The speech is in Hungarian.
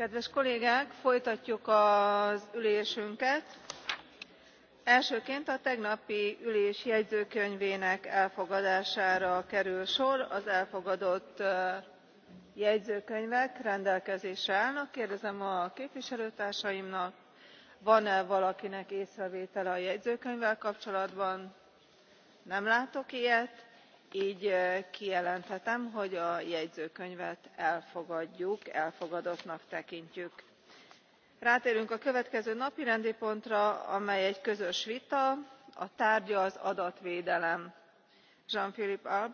kedves kollégák folytatjuk az ülésünket. elsőként a tegnapi ülés jegyzőkönyvének elfogadására kerül sor az elfogadott jegyzőkönyvek rendelkezésre állnak. kérdezem a képviselőtársaimnak van e valakinek észrevétele a jegyzőkönyvvel kapcsolatban? nem látok ilyet gy kijelenthetem hogy a jegyzőkönyvet elfogadjuk elfogadottnak tekintjük. rátérünk a következő napirendi pontra amely egy közös vita a tárgya az adatvédelem. jean philippe